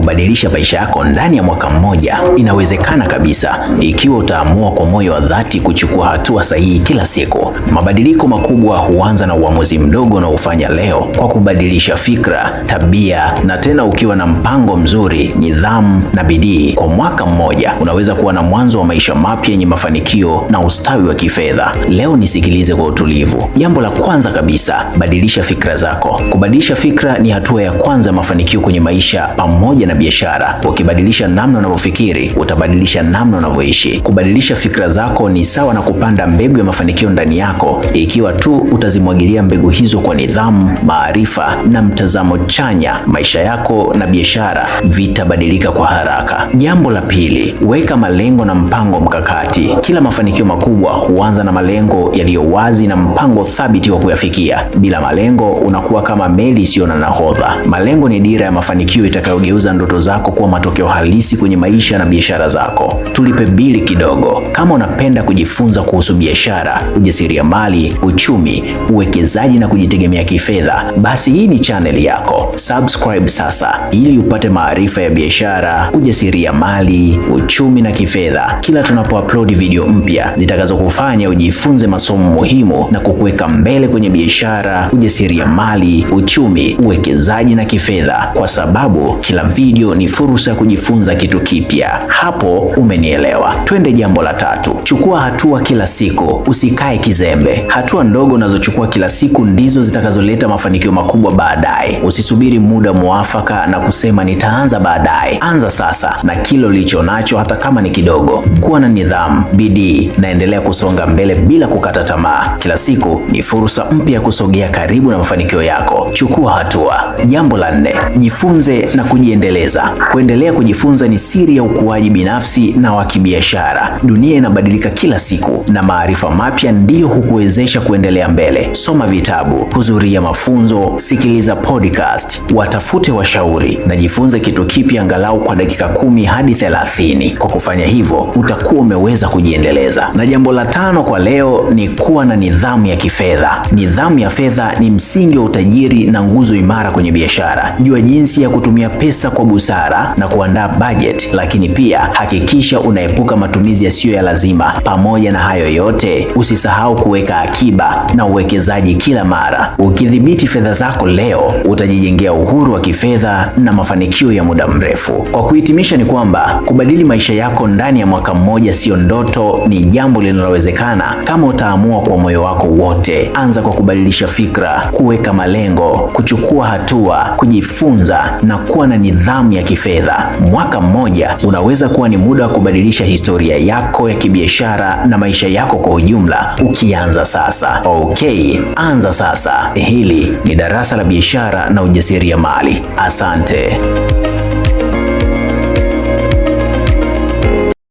kubadilisha maisha yako ndani ya mwaka mmoja. Inawezekana kabisa, ikiwa utaamua kwa moyo wa dhati kuchukua hatua sahihi kila siku. Mabadiliko makubwa huanza na uamuzi mdogo unaofanya leo kwa kubadilisha fikra, tabia, na tena ukiwa na mpango mzuri, nidhamu na bidii, kwa mwaka mmoja unaweza kuwa na mwanzo wa maisha mapya yenye mafanikio na ustawi wa kifedha. Leo nisikilize kwa utulivu. Jambo la kwanza kabisa, badilisha fikra zako. Kubadilisha fikra ni hatua ya kwanza ya mafanikio kwenye maisha pamoja na biashara. Ukibadilisha namna unavyofikiri, utabadilisha namna unavyoishi. Kubadilisha fikra zako ni sawa na kupanda mbegu ya mafanikio ndani yako, ikiwa tu utazimwagilia mbegu hizo kwa nidhamu, maarifa na mtazamo chanya, maisha yako na biashara vitabadilika kwa haraka. Jambo la pili, weka malengo na mpango mkakati. Kila mafanikio makubwa huanza na malengo yaliyo wazi na mpango thabiti wa kuyafikia. Bila malengo, unakuwa kama meli isiyo na nahodha. Malengo ni dira ya mafanikio itakayogeuza ndoto zako kuwa matokeo halisi kwenye maisha na biashara zako. Tulipe bili kidogo. Kama unapenda kujifunza kuhusu biashara, ujasiriamali, uchumi, uwekezaji na kujitegemea kifedha, basi hii ni channel yako. Subscribe sasa ili upate maarifa ya biashara, ujasiriamali, uchumi na kifedha kila tunapoupload video mpya zitakazokufanya ujifunze masomo muhimu na kukuweka mbele kwenye biashara, ujasiriamali, uchumi, uwekezaji na kifedha, kwa sababu kila video ni fursa ya kujifunza kitu kipya. Hapo umenielewa. Twende jambo la tatu, chukua hatua kila siku, usikae kizembe. Hatua ndogo unazochukua kila siku ndizo zitakazoleta mafanikio makubwa baadaye. Usisubiri muda muafaka na kusema nitaanza baadaye. Anza sasa na kile ulicho nacho, hata kama ni kidogo. Kuwa na nidhamu, bidii na endelea kusonga mbele bila kukata tamaa. Kila siku ni fursa mpya ya kusogea karibu na mafanikio yako. Chukua hatua. Jambo la nne, jifunze na kujiendeleza kujiendeleza. Kuendelea kujifunza ni siri ya ukuaji binafsi na wa kibiashara. Dunia inabadilika kila siku na maarifa mapya ndiyo hukuwezesha kuendelea mbele. Soma vitabu, huzuria mafunzo, sikiliza podcast, watafute washauri na jifunze kitu kipya angalau kwa dakika kumi hadi thelathini. Kwa kufanya hivyo, utakuwa umeweza kujiendeleza. Na jambo la tano kwa leo ni kuwa na nidhamu ya kifedha. Nidhamu ya fedha ni msingi wa utajiri na nguzo imara kwenye biashara. Jua jinsi ya kutumia pesa kwa busara na kuandaa bajeti, lakini pia hakikisha unaepuka matumizi yasiyo ya lazima. Pamoja na hayo yote, usisahau kuweka akiba na uwekezaji kila mara. Ukidhibiti fedha zako leo, utajijengea uhuru wa kifedha na mafanikio ya muda mrefu. Kwa kuhitimisha, ni kwamba kubadili maisha yako ndani ya mwaka mmoja siyo ndoto, ni jambo linalowezekana kama utaamua kwa moyo wako wote. Anza kwa kubadilisha fikra, kuweka malengo, kuchukua hatua, kujifunza na kuwa na nidhamu nidhamu ya kifedha. Mwaka mmoja unaweza kuwa ni muda wa kubadilisha historia yako ya kibiashara na maisha yako kwa ujumla, ukianza sasa. Okay, anza sasa. Hili ni darasa la biashara na ujasiriamali. Asante.